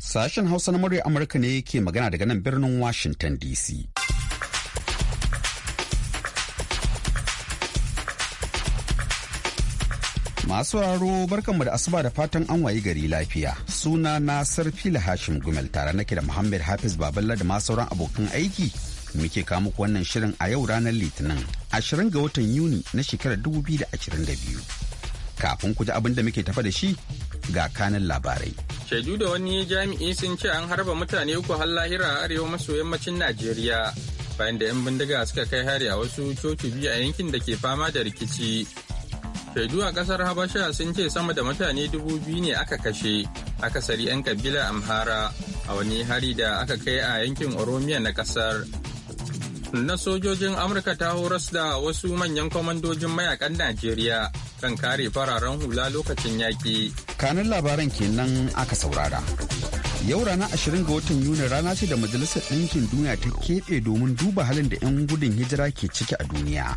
Sashen Hausa na murya Amurka ne ke magana daga nan birnin Washington DC. Masu raro barkanmu da asuba da fatan an wayi gari lafiya. Suna na Sarfila Hashim Gumel tare nake da Muhammad Hafiz Baballa da ma sauran abokan aiki muke kama wannan shirin a yau ranar litinin 20 ga watan yuni na shekarar 2022 kafin ku ji abin da muke tafa da shi ga kanan labarai shaidu da wani jami'i sun ce an harba mutane uku har lahira a arewa maso yammacin najeriya bayan da 'yan bindiga suka kai hari a wasu coci biyu a yankin da ke fama da rikici shaidu a kasar habasha sun ce sama da mutane dubu biyu ne aka kashe akasari 'yan kabila amhara a wani hari da aka kai a yankin oromiya na kasar na sojojin amurka ta horas da wasu manyan kwamandojin mayakan najeriya kan kare fararen hula lokacin yaƙi kanin labaran kenan aka saurara yau rana 20 ga watan yuni rana ce da majalisar ɗinkin duniya ta keɓe domin duba halin da 'yan gudun hijira ke ciki a duniya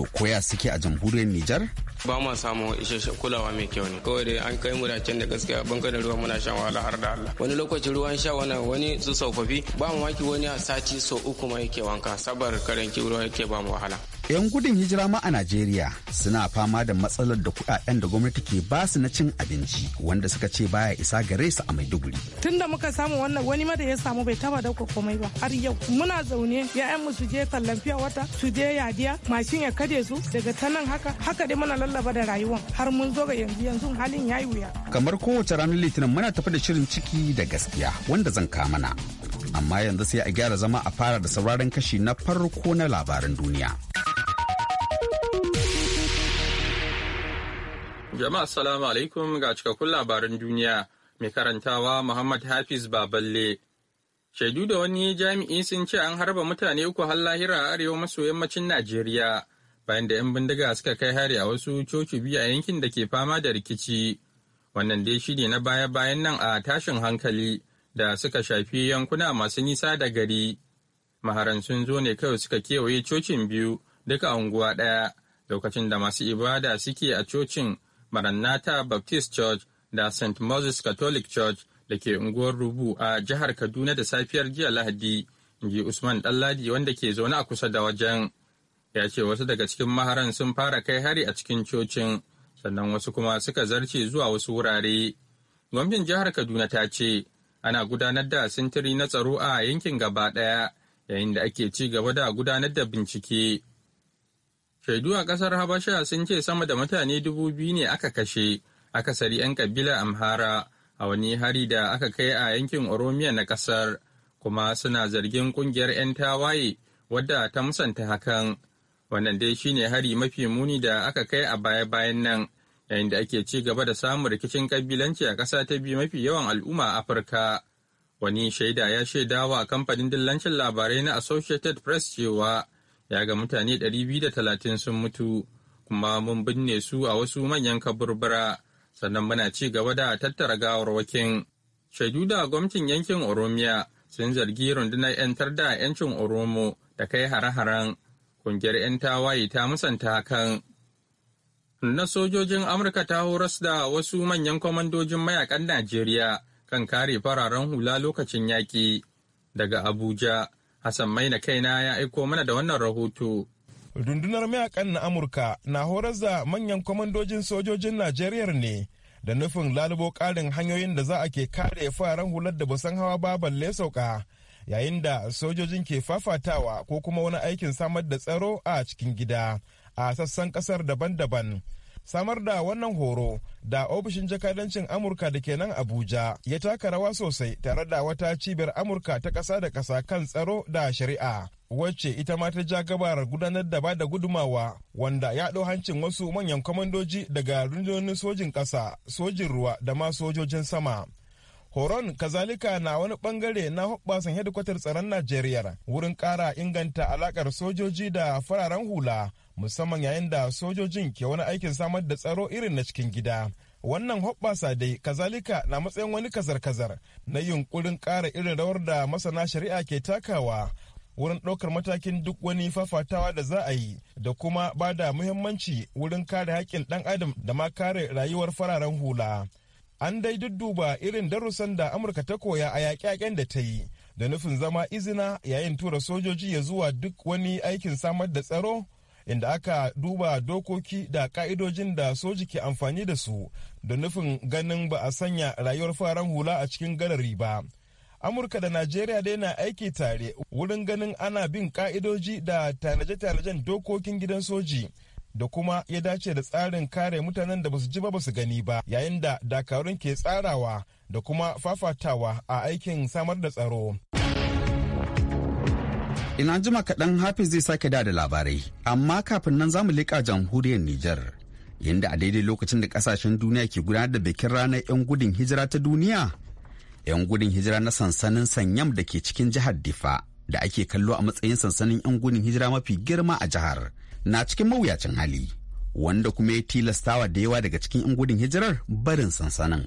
To koya suke a jamhuriyar Nijar? Ba mu samu isasshen kulawa mai kyau ne. Kawai dai an kai mu da can da gaskiya bangaren ruwa muna shan wahala har da Allah. Wani lokacin ruwan sha wani wani su saufafi ba mu waki wani a sati so uku ma yake wanka sabar karen ruwa yake ba mu wahala. 'Yan gudun hijira ma a Najeriya suna fama da matsalar da kuɗaɗen da gwamnati ke ba su na cin abinci wanda suka ce baya isa gare su a Maiduguri. Tun da muka samu wannan wani ma da ya samu bai taba dauka komai ba har yau muna zaune ya'yan mu su je kallon fiya wata su je yadiya mashin ya kade su daga ta nan haka haka dai muna lallaba da rayuwan har mun zo ga yanzu yanzu halin yayi wuya. Kamar kowace ranar Litinin muna tafi da shirin ciki da gaskiya wanda zan kama na Amma yanzu sai a gyara zama a fara da sauraron kashi na farko na labaran duniya. Jama'a salamu alaikum ga cikakkun labaran duniya mai karantawa Muhammad Hafiz Baballe. Shaidu da wani jami'i sun ce an harba mutane uku har lahira a arewa maso yammacin Najeriya bayan da 'yan bindiga suka kai hari a wasu coci biyu a yankin da ke fama da rikici. Wannan dai shi ne na baya-bayan nan a tashin hankali da suka shafi yankuna masu nisa da gari. Maharan sun zo ne kawai suka kewaye cocin biyu duka unguwa ɗaya lokacin da masu ibada suke a cocin Maranatha Baptist Church da St. Moses Catholic Church da ke unguwar Rubu a jihar Kaduna da safiyar jiya Lahadi, inji Usman Ɗanladi wanda ke zaune a kusa da wajen. Ya ce wasu daga cikin maharan sun fara kai hari a cikin cocin, sannan wasu kuma suka zarce zuwa wasu wurare. Gwamnatin jihar Kaduna ta ce, ana gudanar da sintiri na tsaro a yankin gaba ɗaya, yayin da ake ci gaba da gudanar da bincike. Shaidu a kasar Habasha sun ce sama da mutane dubu biyu ne aka kashe, akasari 'yan kabila Amhara a wani hari da aka kai a yankin Oromiya na kasar kuma suna zargin kungiyar 'yan tawaye wadda ta musanta hakan. Wannan dai shine hari mafi muni da aka kai a baya-bayan nan, yayin da ake ci gaba da samun rikicin kabilanci a ƙasa ta biyu mafi yawan al'umma a Afirka. Wani shaida ya shaidawa kamfanin dillancin labarai na Associated Press cewa ya ga mutane 230 sun mutu kuma mun binne su a wasu manyan kaburbura sannan muna ci gaba da tattara gawarwakin shaidu da gwamnatin yankin oromiya sun zargi rundunar 'yantar da 'yancin oromo da kai hare-haren kungiyar 'yan tawaye ta musanta hakan na sojojin amurka ta horas da wasu manyan kwamandojin mayakan najeriya kan kare fararen hula lokacin yaƙi daga abuja Hassan Maina kaina ya aiko mana da wannan rahoto. Rundunar mayakan na Amurka na horar da manyan kwamandojin sojojin Najeriya ne da nufin lalubo ƙarin hanyoyin da za a ke kare fararen hular da basan hawa ba balle sauka yayin da sojojin ke fafatawa ko kuma wani aikin samar da tsaro a cikin gida a sassan ƙasar daban-daban. samar da wannan horo da ofishin jakadancin amurka da ke nan abuja ya taka rawa sosai tare da wata cibiyar amurka ta ƙasa da ƙasa kan tsaro da shari'a wacce ita ma ta ja gabarar gudanar da ba da gudumawa wanda ya ɗau hancin wasu manyan kwamandoji daga rundunonin sojin ƙasa sojin ruwa da ma sojojin sama horon kazalika na wani bangare na hoɓɓasan hedikwatar tsaron najeriya wurin ƙara inganta alaƙar sojoji da fararen hula musamman yayin da sojojin ke wani aikin samar da tsaro irin na cikin gida. Wannan hoɓɓasa dai kazalika na matsayin wani kazar-kazar na yunkurin ƙara irin rawar da masana shari'a ke takawa wurin ɗaukar matakin duk wani fafatawa da za a yi da kuma ba da muhimmanci wurin kare haƙƙin ɗan adam da ma kare rayuwar fararen hula. An dai dudduba irin darussan da Amurka ta koya a yaƙe-yaƙen da ta yi da nufin zama izina yayin tura sojoji ya zuwa duk wani aikin samar da tsaro inda aka duba dokoki da ka'idojin da soji ke amfani da su da nufin ganin ba a sanya rayuwar faran hula a cikin garari ba. Amurka da Najeriya dai na aiki tare wurin ganin ana bin ka'idoji da tanaje-tanajen dokokin gidan soji. da kuma ya dace da tsarin kare mutanen da basu ji ba basu gani ba yayin da dakarun ke tsarawa da kuma fafatawa a aikin samar da tsaro Ina jima kaɗan Hafiz zai sake da da labarai, amma kafin nan za mu leƙa jamhuriyar Nijar. Yanda a daidai lokacin da ƙasashen duniya ke gudanar da bikin ranar 'yan gudun hijira ta duniya. 'Yan gudun hijira na sansanin Sanyam da ke cikin jihar Difa da ake kallo a matsayin sansanin 'yan gudun hijira mafi girma a jihar na cikin mawuyacin hali. Wanda kuma ya tilastawa da yawa daga cikin 'yan gudun hijirar barin sansanin.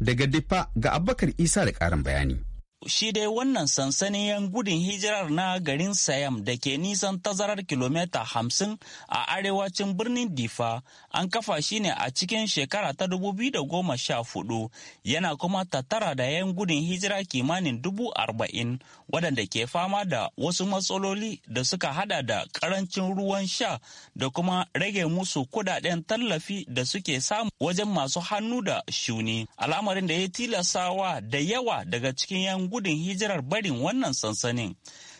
Daga Difa ga Abubakar Isa da ƙarin bayani. shi dai wannan sansanin yan gudun hijirar na garin sayam da ke nisan tazarar kilomita hamsin a arewacin birnin difa an kafa shi ne a cikin shekara ta da goma sha 2014 yana kuma tattara da yan gudun hijira kimanin dubu arba'in wadanda ke fama da wasu matsaloli da suka hada da karancin ruwan sha da kuma rage musu kudaden tallafi da suke samu wajen masu hannu da shuni al'amarin da ya tilasawa da yawa daga cikin yan gudun hijirar barin wannan sansanin.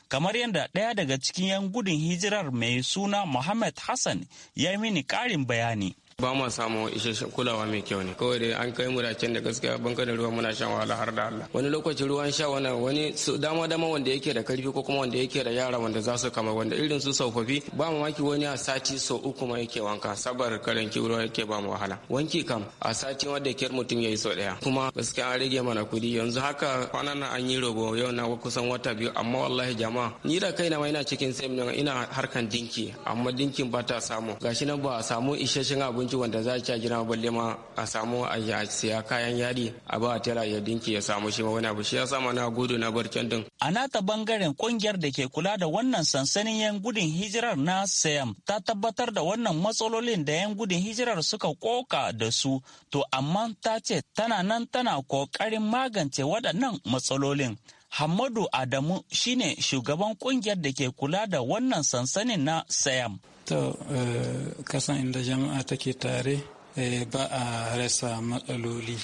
Kamar yadda ɗaya daga cikin 'yan gudun hijirar mai suna Muhammad Hassan ya mini ƙarin bayani. ba mu samu isasshen kulawa mai kyau ne kawai dai an kai mu da da gaskiya banka da ruwa muna shan wahala har da Allah wani lokaci ruwan sha wani wani dama dama wanda yake da karfi ko kuma wanda yake da yara wanda za su kama wanda irin su tsofaffi ba mu maki wani a sati so uku ma yake wanka sabar karen ruwa yake ba mu wahala wanki kam a sati wanda kyar mutum ya yi so daya kuma gaskiya an rage mana kudi yanzu haka kwanan nan an yi robo yau na kusan wata biyu amma wallahi jama'a ni da kaina ma ina cikin sai ina harkan dinki amma dinkin ba ta samu gashi nan ba a samu isasshen abinci abinci wanda za a ci a gina balle ma a samu a siya kayan yadi a ba a tela ya dinki ya samu shi ma wani abu shi ya sama na gudu na bar kyandin. din. A nata bangaren kungiyar da ke kula da wannan sansanin yan gudun hijirar na Sayam ta tabbatar da wannan matsalolin da yan gudun hijirar suka koka da su to amma ta ce tana nan tana kokarin magance waɗannan matsalolin. Hamadu Adamu shine shugaban kungiyar da ke kula da wannan sansanin na Sayam. to eh, kasan inda jama'a take tare eh, ba a rasa matsaloli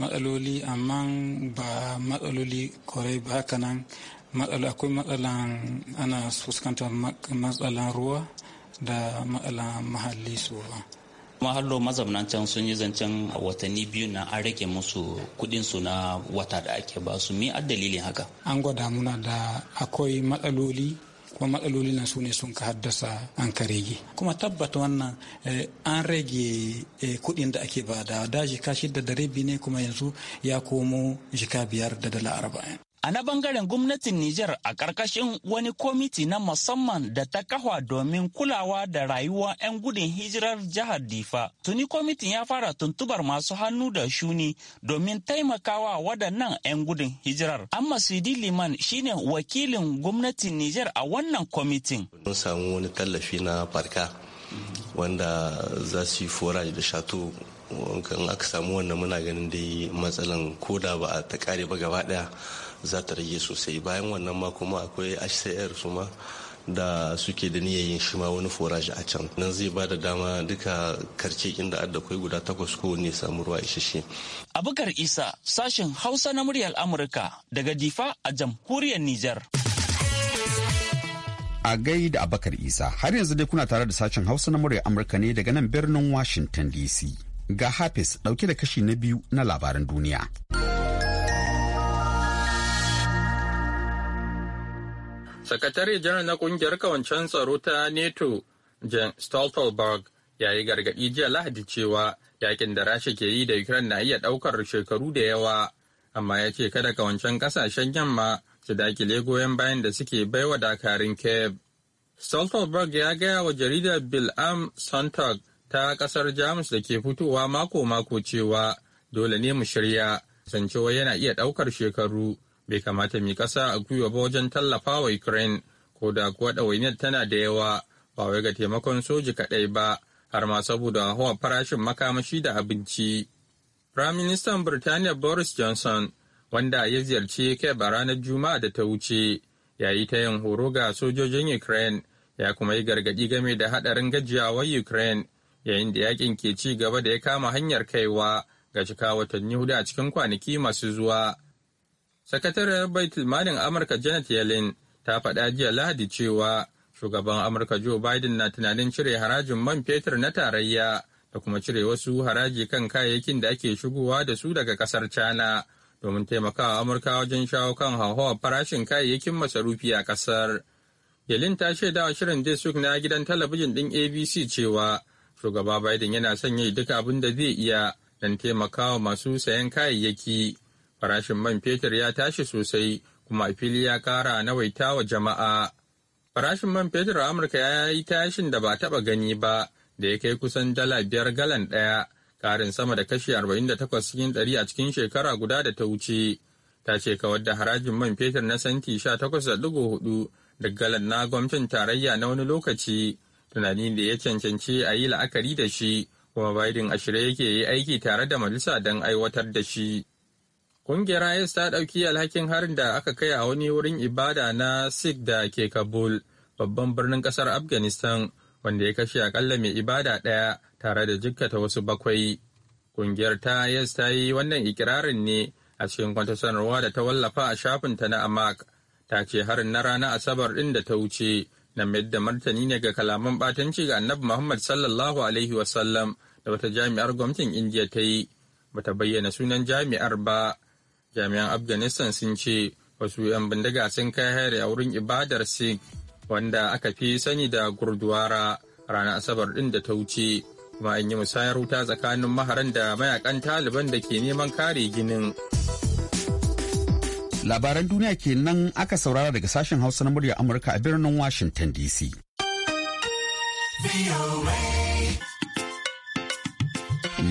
matsaloli amma ba matsaloli kwarai ba haka nan akwai matsalan ana fuskantar matsalan ruwa da matsalan mahalli su ba mahallo mazaunan can sun yi zancen watanni biyu na an rage musu kudin su na wata da ake ba su mi dalilin haka an gwada muna da akwai matsaloli kuma matsaloli na su ne sun ka haddasa an ka rege kuma tabbata wannan eh, an rage eh, kudin da ake bada da jika shida da rabi ne kuma yanzu ya komo jika biyar da dala arba'in A na bangaren gwamnatin Nijar a ƙarƙashin wani komiti na musamman da ta kawa domin kulawa da rayuwa 'yan gudun hijirar jihar Difa. Tuni komitin ya fara tuntubar masu hannu da shuni domin taimakawa waɗannan 'yan gudun hijirar. Amma Sidi Liman shine wakilin gwamnatin Nijar a wannan komitin. Mun samu wani tallafi na farka wanda za su yi da shato in aka samu wannan muna ganin dai matsalan koda ba ta ƙare ba gaba ɗaya za ta rage sosai bayan wannan ma kuma akwai hcr su ma da suke da niyayin shi ma wani forage a can nan zai ba da dama duka karce inda adda kai guda takwas ko ne samu ruwa isasshe. abubakar isa sashen hausa na muryar amurka daga difa a jamhuriyar nijar a gai da abakar isa har yanzu dai kuna tare da sashen hausa na muryar amurka ne daga nan birnin washington dc ga hafiz dauke da kashi na biyu na labaran duniya Sakatare janar na kungiyar kawancen tsaro ta NATO, Jan Stoltenberg, ya yi gargaɗi jiya Lahadi cewa yakin da Rasha ke yi da Ukraine na iya ɗaukar shekaru da yawa, amma ya ce kada kawancen kasashen yamma su dakile goyon bayan da suke baiwa dakarun kev Stoltenberg ya gaya wa jaridar bil-am Sontag ta kasar Jamus da ke fitowa mako-mako cewa dole ne mu shirya, sancewa yana iya ɗaukar shekaru. bai kamata mai kasa a gwiwa ba wajen tallafa wa Ukraine ko da kuwa ɗawainiyar tana da yawa ba wai ga taimakon soji kaɗai ba har ma saboda hawa farashin makamashi da abinci. Firaministan Birtaniya Boris Johnson wanda ya ziyarci kai a ranar Juma'a da ta wuce ya yi ta yin horo ga sojojin Ukraine ya kuma yi gargaɗi game da haɗarin gajiyawar Ukraine yayin da yakin ke ci gaba da ya kama hanyar kaiwa ga cika watanni hudu a cikin kwanaki masu zuwa. Sakataren Baitul Malin Amurka Janet Yellen ta faɗa jiya Lahadi cewa shugaban Amurka Joe Biden na tunanin cire harajin man fetur na tarayya da kuma cire wasu haraji kan kayayyakin da ake shigowa da su daga ƙasar China domin taimakawa Amurka wajen shawo kan hauhawar farashin kayayyakin masarufi a ƙasar. Yelin ta shaida wa shirin Desuk na gidan talabijin ɗin ABC cewa shugaba Biden yana son yi duka abin da zai iya don taimakawa masu sayan kayayyaki. farashin man fetur ya tashi sosai kuma a fili ya kara nawaita wa jama'a. Farashin man fetur a Amurka ya yi tashin da ba taba gani ba da ya kai kusan dala biyar galan ɗaya, karin sama da kashi arba'in da takwas cikin ɗari a cikin shekara guda da ta wuce. Ta ce kawar da harajin man fetur na santi sha takwas da ɗigo hudu da galan na gwamnatin tarayya na wani lokaci, tunani da ya cancanci a yi la'akari da shi, kuma Biden a shirye yake yi aiki tare da majalisa don aiwatar da shi. Ƙungiyar IS ta ɗauki alhakin harin da aka kai a wani wurin ibada na Sikh da ke Kabul, babban birnin ƙasar Afghanistan, wanda ya kashe aƙalla mai ibada ɗaya tare da jikkata wasu bakwai. Ƙungiyar ta IS ta yi wannan ikirarin ne a cikin kwanta sanarwa da ta wallafa a shafinta na Amak. Ta ce harin na ranar Asabar ɗin da ta wuce na da martani ne ga kalaman ɓatanci ga Annabi Muhammad sallallahu alaihi wasallam da wata jami'ar gwamnatin Indiya ta yi. Bata bayyana sunan jami'ar ba. jami'an afghanistan sun ce wasu 'yan bindiga sun kai hari a wurin ibadar sikh wanda aka fi sani da gurdwara ranar asabar din da ta wuce kuma an yi musayar wuta tsakanin maharan da mayakan taliban da ke neman kare ginin labaran duniya kenan aka saurara daga sashen hausa na murya amurka a birnin washington dc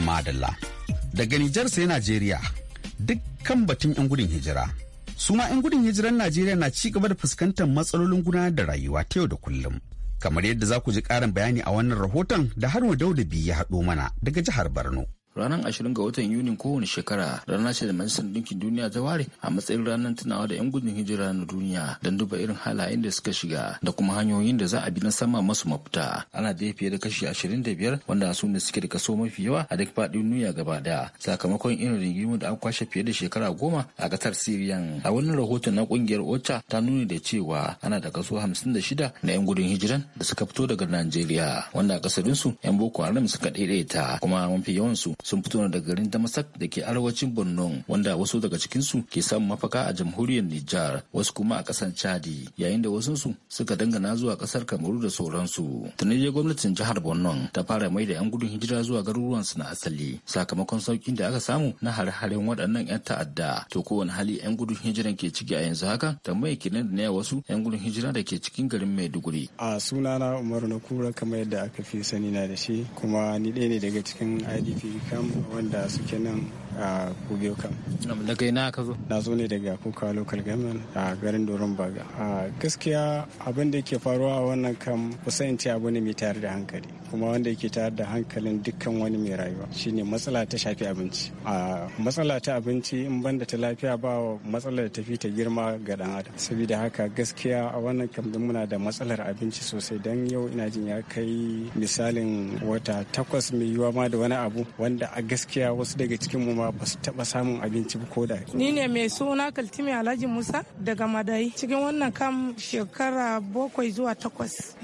madalla daga nijar sai najeriya duk kan batun 'yan gudun hijira. suma 'yan gudun hijiran Najeriya na ci gaba da fuskantar matsalolin gudanar da rayuwa ta yau da kullum. Kamar yadda za ku ji ƙarin bayani a wannan rahoton da Haruna Dauda biyu ya haɗo mana daga jihar Borno. ranar ashirin ga watan yuni kowane shekara rana ce da Majalisar Ɗinkin Duniya ta ware a matsayin ranar tunawa da 'yan gudun hijira na duniya don duba irin halayen da suka shiga da kuma hanyoyin da za a bi na sama masu mafita. Ana da fiye da kashi 25 wanda su ne suke da kaso mafi yawa a duk faɗin duniya gaba daya sakamakon irin rigimu da aka kwashe fiye da shekara goma a ƙasar Siriyan. A wannan rahoton na kungiyar OCHA ta nuna da cewa ana da kaso shida. na 'yan gudun hijiran da suka fito daga Najeriya wanda kasarinsu 'yan Boko Haram suka daidaita kuma mafi yawansu sun fito daga garin Damasak da ke arewacin Borno wanda wasu daga cikinsu ke samun mafaka a jamhuriyar Nijar wasu kuma a ƙasar Chadi yayin da wasunsu suka dangana zuwa ƙasar Kamaru da sauransu. Tuni dai gwamnatin jihar Borno ta fara mai da 'yan gudun hijira zuwa garuruwansu na asali sakamakon saukin da aka samu na hare-haren waɗannan 'yan ta'adda. To kowane hali 'yan gudun hijiran ke ciki a yanzu haka tambaye nan da na wasu 'yan gudun hijira da ke cikin garin Maiduguri. A sunana Umaru na kura kamar yadda aka fi sani na da shi kuma ni ɗaya ne daga cikin IDP kam wanda suke nan a kuge kam daga ina ka zo na zo ne daga kuka lokal government a garin doron baga a gaskiya abin da yake faruwa a wannan kam kusan ce abu ne mai tayar da hankali kuma wanda yake tayar da hankalin dukkan wani mai rayuwa shine matsala ta shafi abinci a matsala ta abinci in banda ta lafiya ba matsalar da tafi ta girma ga dan adam saboda haka gaskiya a wannan kam muna da matsalar abinci sosai dan yau ina jin ya kai misalin wata takwas mai yiwa ma da wani abu wanda a gaskiya wasu daga cikin mu ma ba su taba samun abinci ko da ni ne mai suna kaltimi alhaji musa daga madai cikin wannan kam shekara bakwai zuwa takwas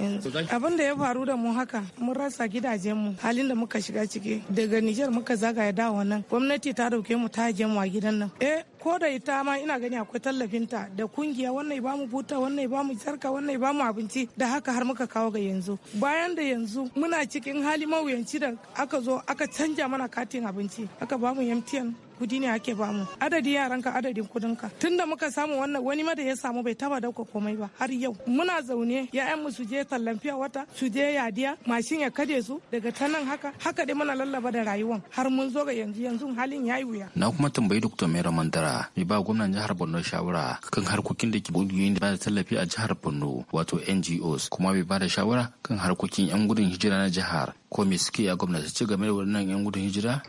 abin da ya faru da mu haka mun rasa gidajen mu halin da muka shiga ciki daga nijar muka zagaya dawo nan gwamnati ta dauke mu ta je mu a gidan nan eh ko da ita ma ina gani akwai tallafinta da kungiya wannan ba mu buta wannan ba mu sarka wannan ba mu abinci da haka har muka kawo ga yanzu bayan da yanzu muna cikin hali mawuyanci da aka zo aka canja mana katin abinci aka ba mu MTN kudi ne ake bamu adadi yaranka adadin kudinka tunda muka samu wannan wani ma da ya samu bai taba dauka komai ba har yau muna zaune ya'yan mu su je tallan fiya wata su je yadiya mashin ya kade su daga ta nan haka haka dai muna lallaba da rayuwan har mun zo ga yanzu yanzu halin yayi wuya na kuma tambayi dr mera mandara mai ba gwamnan jihar borno shawara kan harkokin da ke da tallafi a jihar borno wato ngos kuma bai ba da shawara kan harkokin yan gudun hijira na jihar ko me suke ya gwamnati ci game da wannan yan gudun hijira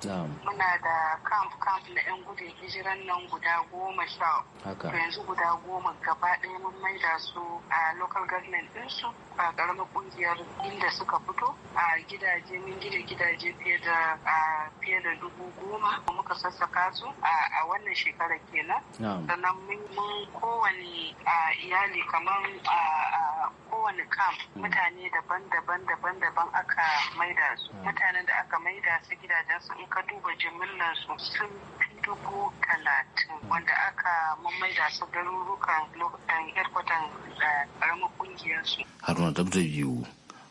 Muna da camp camp na 'yan gudun hijiran nan guda goma sha Yanzu guda goma gaba ɗaya mun maida su a local government ɗinsu a ƙungiyar inda suka fito a gidaje mun gida gidaje fiye da fiye da dubu goma muka sassaka su a wannan shekarar kenan. Sannan mun kowane iyali kamar kowane camp mm. mutane daban-daban daban-daban aka maida su. Mm. Mutanen da aka maida su gidajen su ka duba jimillar su sun fi dubu talatin wanda aka mamaida su garurukan lokutan yarkwatan karamar kungiyar su. Haruna biyu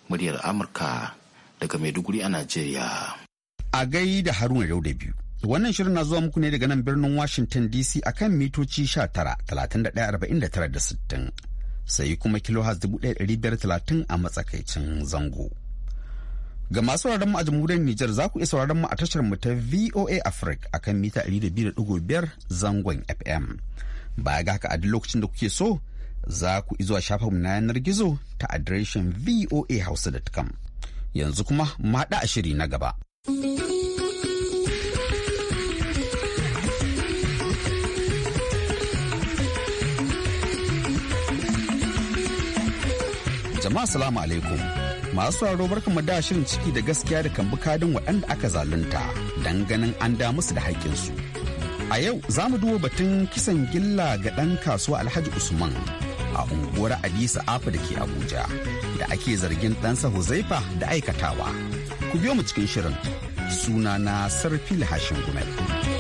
muryar Amurka daga Maiduguri a Najeriya. A gai da Haruna da biyu. Wannan shirin na zuwa muku ne daga nan birnin Washington DC akan mitoci 19, 31, da sittin, sai kuma kilo 1530 a matsakaicin zango. Ga masu sauraron mu a jamhuriyar Nijar za ku iya sauraron mu a tashar mu ta VOA Africa akan mita 200.5 zangon FM. Baya ga haka a duk lokacin da kuke so za ku zuwa shafin mu na yanar gizo ta adireshin voahausa.com. Yanzu kuma maɗa a shiri na gaba. Jama'a salamu alaikum. masu sauraro barkamu da shirin ciki da gaskiya da kan kadin waɗanda aka zalunta Dan ganin an da musu da haƙƙinsu. A yau za mu duba batun kisan gilla ga ɗan kasuwa Alhaji Usman a unguwar Adisa Afa da ke Abuja da ake zargin ɗansa Huzaifa da aikatawa. Ku biyo mu cikin shirin sunana sarfi Lahashin Gumel.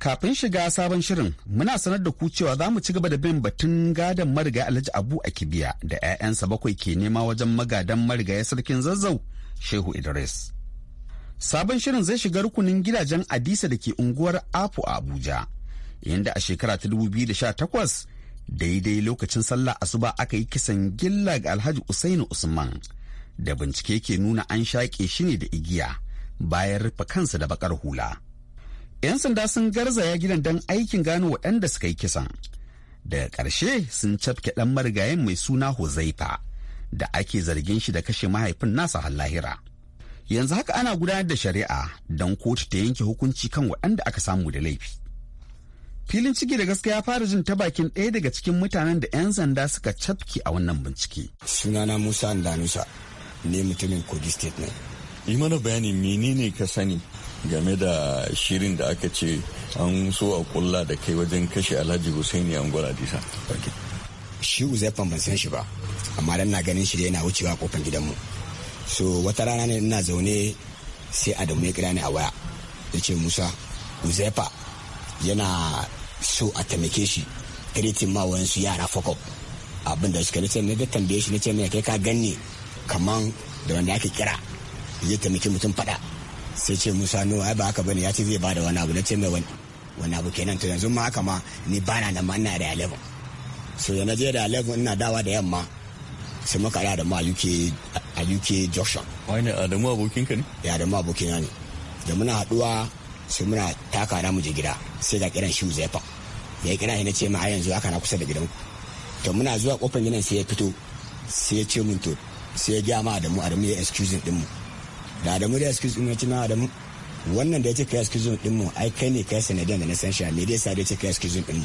Kafin shiga sabon shirin muna sanar da ku cewa za mu ci gaba da bin batun gadon marigayi Alhaji Abu a Kibiya da 'ya'yansa bakwai ke nema wajen magadan marigaya sarkin zazzau Shehu Idris. Sabon shirin zai shiga rukunin gidajen Adisa da ke unguwar Afu a Abuja, inda a shekara ta da sha 2018 daidai lokacin sallah asuba aka yi kisan gilla ga Alhaji Usainu Usman da bincike ke nuna an shaƙe shi ne da igiya bayan rufe kansa da bakar hula. 'Yan sanda sun garzaya gidan don aikin gano waɗanda suka yi kisan. Daga ƙarshe sun cafke ɗan marigayen mai suna Huzaifa da ake zargin shi da kashe mahaifin nasa halahira Yanzu haka ana gudanar da shari'a don kotu ta yanke hukunci kan waɗanda aka samu da laifi. Filin ciki da gaskiya fara jin ta bakin ɗaya daga cikin mutanen da 'yan sanda suka cafke a wannan bincike. Sunana Musa Andanusa ne mutumin Kogi State ne. yi mana bayani menene ka sani game da shirin da aka ce an so a kulla da kai wajen kashe alhaji husaini gwara disa shi uzaifan ban san shi ba amma dan na ganin shi da yana wucewa kofar gidanmu so wata rana ne ina zaune sai adamu ya kira ni a waya ya ce musa uzaifa yana so a taimake shi kiritin ma wayansu yara fokop abinda da suka nace ne da tambaye shi nace ne kai ka ganni kaman da wanda ake kira ya taimaki mutum faɗa sai ce musa nuwa ai ba haka bane ya ce zai bada wani abu na ce mai wani wani abu kenan to yanzu ma haka ma ni bana nan ma ina da 11 so yana je da 11 ina dawa da yamma sai muka da mu a UK a UK Junction wani Adamu abokin ka ne ya Adamu abokina ne da muna haduwa sai muna taka na mu je gida sai ga kiran shi fa ya kira shi ce ma a yanzu haka na kusa da gidan to muna zuwa kofar gidan sai ya fito sai ya ce mun to sai ya gya ma Adamu Adamu ya excusing din mu da adamu da excuse din na adamu wannan da ya kai excuse din mu ai kai ne kai sanadin da na san shi me dai sa da ya kai excuse din mu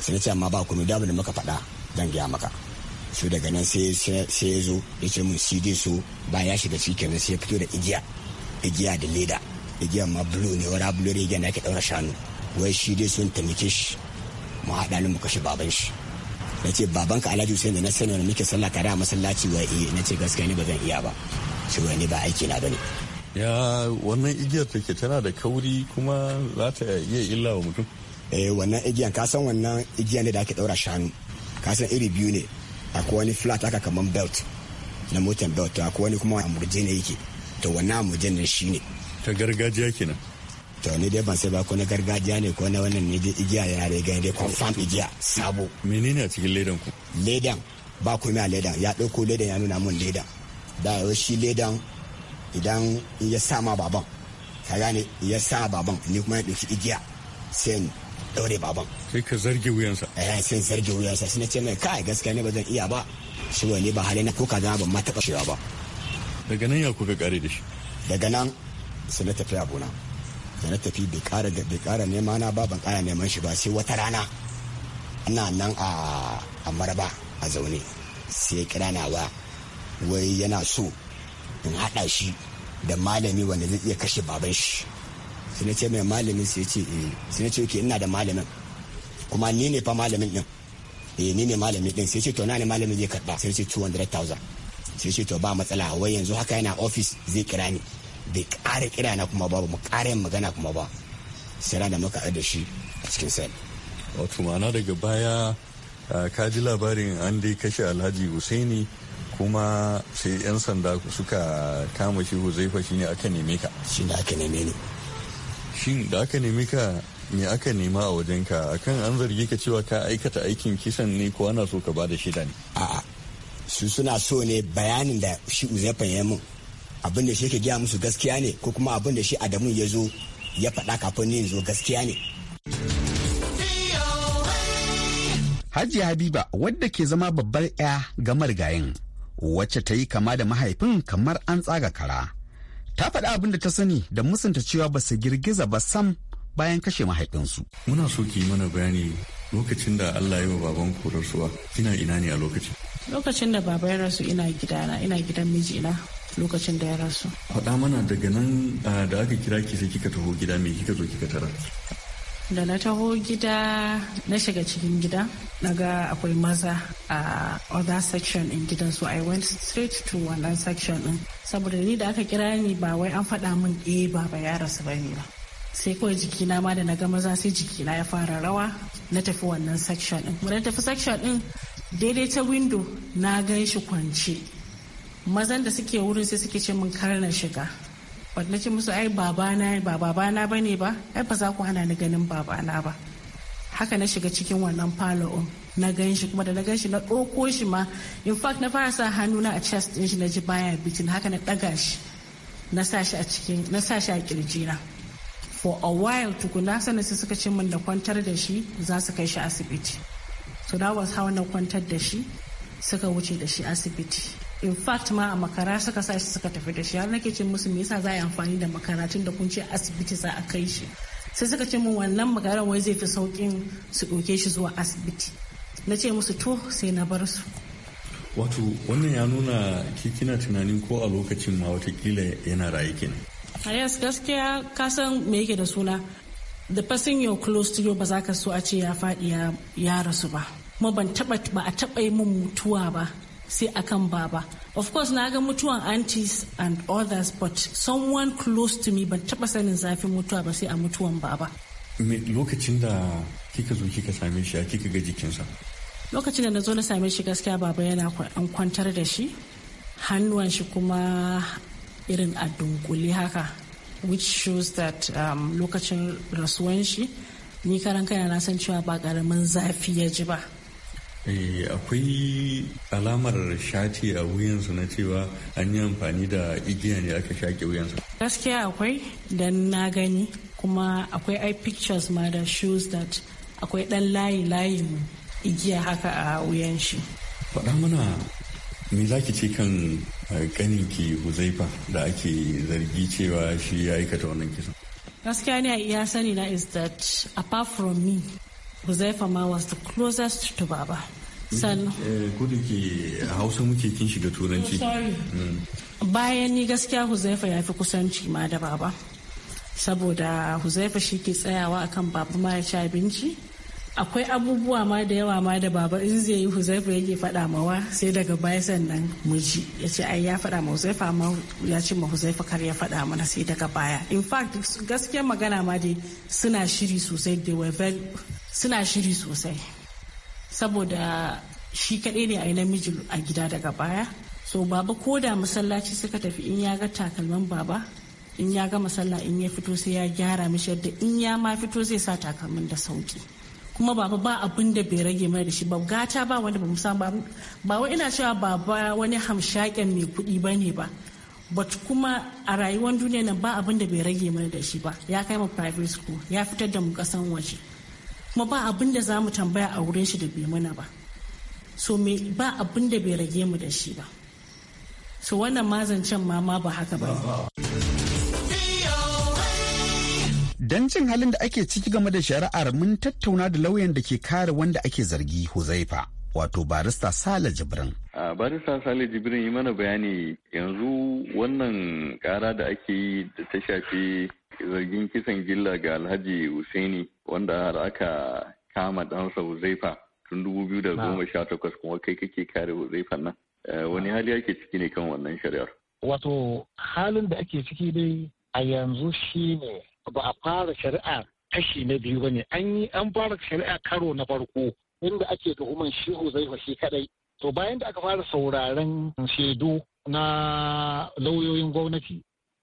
sai ce amma ba ku mu da da muka faɗa dan ga maka su daga nan sai sai ya zo ya ce mun cd so ba ya shiga ciki kenan sai ya fito da igiya igiya da leda igiya ma blue ne wala blue igiya na ke daura shanu wai shi dai sun taimake shi mu haɗa ni mu kashe baban shi na ce babanka alhaji hussein da na sani wani muke sallah tare a masallaci wa iya eh. na ce gaskiya ne ba zan iya ba shi wani ba aiki na bane ya wannan igiyar ke tana da kauri kuma za ta iya illa wa mutum eh wannan igiyar ka san wannan igiyar ne da ake daura shanu ka san iri biyu ne akwai wani flat aka kaman belt na motan belt akwai wani kuma amurje ne yake to wannan amurje ne shine ta gargajiya kenan to ne dai ban sai ba ko na gargajiya ne ko na wannan ne dai igiya yana da gani dai confirm igiya sabo menene a cikin ledan ku ledan ba komai a ledan ya dauko ledan ya nuna mun ledan da shi ledan idan ya ma baban ka gane ya sa baban ni kuma ya ɗauki igiya sai in ɗaure baban sai ka zarge wuyansa eh sai zarge wuyansa sai na ce mai kai gaskiya ne ba zan iya ba shi ne ba hali na ko kaza ma taɓa shiwa ba daga nan ya kuka kare da shi daga nan sai na tafi abuna da na tafi bai kara da bai kara nema na ba ban kara neman shi ba sai wata rana ina nan a maraba a zaune sai kira na ba wai yana so in haɗa shi da malami wanda zai iya kashe baban shi sai na ce mai malamin sai ce eh sai na ce ke ina da malamin kuma ni ne fa malamin din eh ni ne malamin din sai ce to na ne malamin zai karba sai ce 200,000 sai ce to ba matsala wai yanzu haka yana office zai kira ni bai ƙara kira na kuma ba mu ƙara yin magana kuma ba sai da muka da shi a cikin sel wato ma'ana daga baya ah, ka ji labarin an dai kashe alhaji husaini kuma sai 'yan sanda suka kama shi huzaifa shi ne aka neme ka shi ne aka neme ni shin da aka neme ka me aka nema a wajen ka akan an zargi ka cewa ka aikata aikin kisan ne ko ana so ka bada shida ne a'a su suna so ne bayanin da shi huzaifa ya mun abin da shi ke gaya musu gaskiya ne ko kuma abin da shi adamu ya zo ya faɗa kafin ni zo gaskiya ne Hajiya Habiba wadda ke zama babbar 'ya ga marigayin wacce ta yi kama da mahaifin kamar an tsaga kara ta faɗi abin da ta sani da musunta cewa ba su girgiza ba sam bayan kashe mahaifinsu muna so ki mana bayani lokacin da allah ya wa baban korarsuwa kina ina ne a lokacin lokacin da baba ya rasu ina gidana ina gidan mijina lokacin da ya rasu. Faɗa mana daga nan ah, da aka kira ki sai kika taho gida me kika zo kika tara. da na taho gida na shiga cikin gida naga akwai maza a other section in gidan so i went straight to wannan section din saboda ni da aka kira ni ba wai an faɗa min eh ba ba ya rasu bane ba sai kawai jikina ma da na ga maza sai jikina ya fara rawa na tafi wannan section din na tafi section din daidai ta window na gan shi kwance mazan da suke wurin sai suke ce min kar na shiga na ce musu ai babana ba babana ba ne ba ai ba za ku hana ni ganin babana ba haka na shiga cikin wannan falo'un na gan shi kuma da na gan shi na ɗauko shi ma in fact na fara sa hannu na a chest din shi na ji baya bitin haka na ɗaga shi na sa shi a cikin na sa shi a na for a while tukuna sanin sai suka ce min da kwantar da shi za su kai shi asibiti so that was how na kwantar da shi suka wuce da shi asibiti in fact ma a makara suka sa shi suka tafi da shi har nake ce musu me yasa za a yi amfani da makara tun da kun ce asibiti za a kai shi sai suka ce min wannan makaran wai zai fi saukin su ɗauke shi zuwa asibiti na ce musu to sai na bar su wato wannan ya nuna ke kina tunanin ko a lokacin ma watakila yana raye kenan a ah, yes gaskiya ka san me yake da suna the person you close to you ba za ka so a ce ya faɗi ya rasu ba kuma ban taɓa ba a taɓa yi min mutuwa ba sai a kan baba of course na ga mutuwan aunties and others but someone close to me ban taba sanin zafin mutuwa ba sai a mutuwan baba lokacin da kika zo kika same shi a kika ga jikinsa lokacin da na zo na same shi gaskiya baba yana an kwantar da shi hannuwan shi kuma irin a dunkule haka which shows that um, lokacin rasuwan shi ni karan kaina na san cewa ba karamin zafi ya ji ba Eh, akwai alamar shati a wuyansu na cewa an yi amfani da igiya ne aka shaƙe wuyansu gaskiya akwai dan na gani kuma akwai ai pictures ma da shoes that akwai dan layi layi igiya haka a wuyan shi faɗa mana me za ki ce kan ganin eh, ki huzaifa da ake zargi cewa shi ya aikata wannan kisan gaskiya ne a iya sani na is that apart from me Huzaifa ma was the closest to Baba. Eh, Hausa muke kin shiga Turanci. Oh, mm. Bayan ni gaskiya Huzaifa ya fi kusanci ma da Baba. Saboda Huzaifa shi ke tsayawa akan Baba ma ya ci abinci. akwai abubuwa ma da yawa ma da baba in zai yi huzaifa yake faɗa mawa sai daga baya sannan mu ji ya ce ai ya faɗa ma huzaifa ma ya ce ma huzaifa kar ya faɗa mana sai daga baya in fact gaskiyar magana ma dai suna shiri sosai da were suna shiri sosai saboda shi kaɗai ne a yi namiji a gida daga baya so baba ko da masallaci suka tafi in ya ga takalman baba in ya ga masalla in ya fito sai ya gyara mishi yadda in ya ma fito zai sa takalmin da sauki kuma baba ba abin da bai rage mai da shi ba gata ba wanda ba musa ba ba ina cewa baba wani hamshaken mai kuɗi ba ne ba but kuma a rayuwar duniya nan ba abin da bai rage mai da shi ba ya kai ma private school ya fitar da mu kasan waje kuma ba abin da za mu tambaya a wurin shi da bai mana ba so me ba abin da bai rage mu da shi ba so wannan mazancen ma ma ba haka ba Dan cin halin da ake ciki game da shari'ar mun tattauna da lauyan da ke kare wanda ake zargi Huzaifa wato barista Sale Jibrin. barista Sale Jibrin yi mana bayani yanzu wannan kara da ake yi da ta shafi zargin kisan gilla ga alhaji Hussaini wanda har aka kama ɗansa Huzaifa tun 2018 kuma kai kake kare zaifan nan. Eh, wani hali ake ciki ne kan wannan shari'ar? Wato halin da ake ciki dai a yanzu shi ne ba a fara shari'a kashi na biyu ba ne an yi an fara shari'a karo na farko inda ake tuhuman shi Huzaifa shi kadai. To bayan da aka fara sauraren shaidu na lauyoyin gwamnati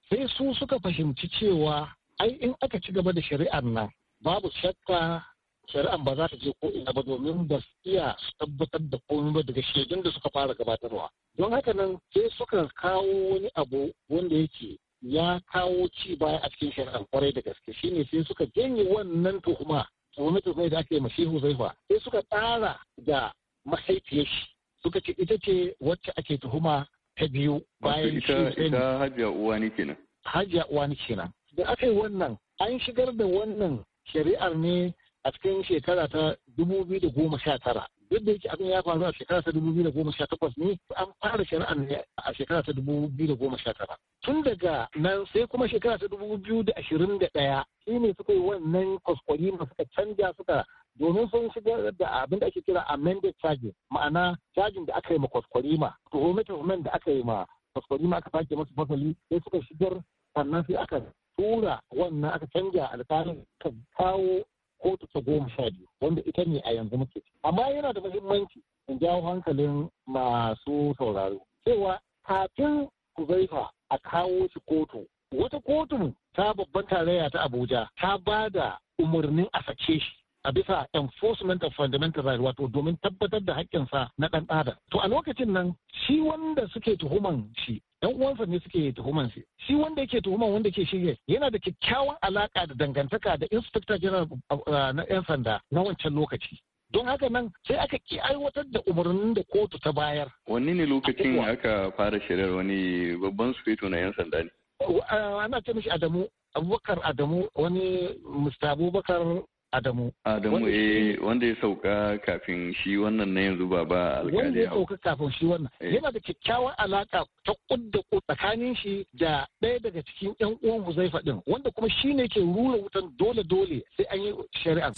sai su suka fahimci cewa ai in aka ci gaba da shari'ar nan babu shakka shari'ar ba za ta je ko ina ba domin ba su iya su tabbatar da komai ba daga shaidun da suka fara gabatarwa don haka nan sai suka kawo wani abu wanda yake ya kawo ci baya a cikin shari'ar kwarai da gaske shine sai suka janye wannan tuhuma tuhuma tuhuma da ake mashi huzaifa sai suka tsara da mahaifiyar shi suka ce ita ce wacce ake tuhuma ta biyu bayan shi ita hajiya uwa ne kenan hajiya uwa ne kenan da aka yi wannan an shigar da wannan shari'ar ne a cikin shekara ta 2019 duk da yake abin ya faru a shekara ta 2018 ne an fara shari'ar ne a shekara ta 2019 tun daga nan sai kuma shekara ta 2021 shine suka yi wannan kwaskwari suka canja suka domin sun shigar da abin da ake kira amended charges ma'ana charging da aka yi ma kwaskwarima tuhume-tuhumen da aka yi ma kwaskwarima aka sake masu fasali sai suka shigar sannan sai aka tura wannan aka canja alƙalin ka kawo kotu ta goma sha biyu wanda ita ne a yanzu muke amma yana da muhimmanci in jawo hankalin masu sauraro cewa kafin ku zaifa a kawo shi kotu wata kotun ta babban tarayya ta abuja ta ba da umarnin a sake shi a bisa enforcement of fundamental rights wato domin tabbatar da haƙƙinsa na ɗan adam to a lokacin nan shi wanda suke tuhuman shi ɗan uwansa ne suke tuhuman shi shi wanda yake tuhuman wanda ke shirya yana da kyakkyawan alaƙa da dangantaka da inspector general uh, na yan sanda na wancan lokaci don haka nan sai aka ki aiwatar da umarnin da kotu ta bayar wanne ne lokacin aka fara shirar wani babban sufeto na yan sanda ne uh, ana ce mishi adamu abubakar adamu wani mr abubakar Adamu. Adamu eh wanda ya sauka kafin shi wannan na yanzu ba ba alkali Wanda ya sauka kafin shi wannan. Eh. Yana da kyakkyawar alaka ta kudda tsakanin shi da ɗaya daga cikin ƴan uwan Huzaifa ɗin wanda kuma shi ne ke rura wutan dole dole sai an yi shari'a.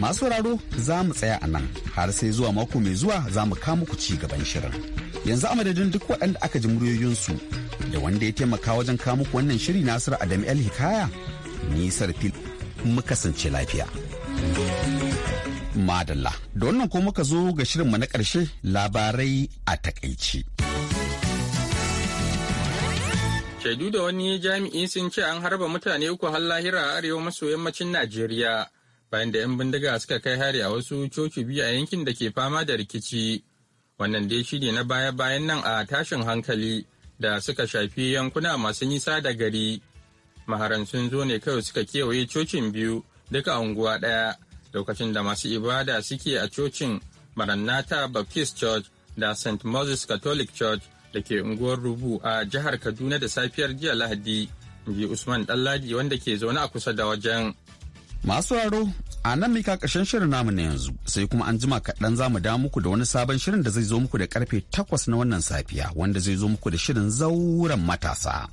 Masu sauraro za mu tsaya a nan har sai zuwa mako mai zuwa za mu kawo ku ci gaban shirin. Yanzu a madadin duk waɗanda aka ji muryoyinsu da wanda ya taimaka wajen kawo muku wannan shiri nasar Adam El Hikaya ni Sarfil muka kasance lafiya. Madalla, da wannan ko muka zo ga shirinmu na ƙarshe labarai a takaici. Shaidu da wani jami'i sun ce an harba mutane uku har lahira a arewa maso yammacin Najeriya bayan da 'yan bindiga suka kai hari a wasu coci biyu a yankin da ke fama da rikici. Wannan dai shi ne na baya-bayan nan a tashin hankali. da suka shafi yankuna masu nisa da gari. Maharan sun zo ne kawai suka kewaye cocin biyu duka unguwa ɗaya lokacin da masu ibada suke a cocin maranata Baptist Church da St. Moses Catholic Church da ke unguwar Rubu a jihar Kaduna da safiyar jiya Lahadi. Ji Usman Ɗanladi wanda ke zaune a kusa da wajen. Masu raro a nan mika ƙarshen shirin namu na yanzu sai kuma an jima kaɗan za mu dawo muku da wani sabon shirin da zai zo muku da karfe takwas na wannan safiya wanda zai zo muku da shirin zauren matasa.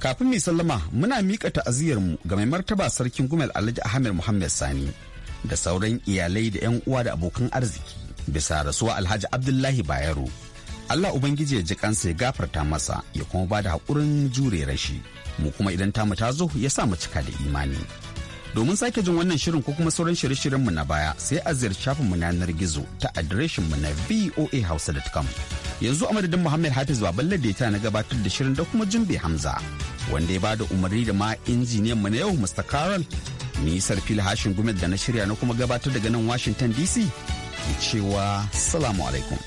Kafin mai sallama muna miƙa ta'aziyarmu ga mai martaba sarkin gumel Alhaji Ahmed Muhammad Sani da sauran iyalai da 'yan uwa da abokan arziki bisa rasuwa Alhaji Abdullahi Bayero. Allah Ubangiji ya ji kansa ya gafarta masa ya kuma ba da haƙurin jure rashi mu kuma idan tamu ta zo ya sa mu cika da imani. Domin sake jin wannan shirin ko kuma sauran shirye-shiryenmu na baya sai a ziyarci mu na yanar gizo ta mu na voahausa.com. Yanzu a madadin Muhammad Hafiz Baballe da ya na gabatar da shirin da kuma Jumbe Hamza wanda ya bada umarni da ma injiniyan mu na yau Mr. Carol. Ni Sarfil Hashin Gumet da na shirya na kuma gabatar daga nan Washington DC. Cewa salamu alaikum.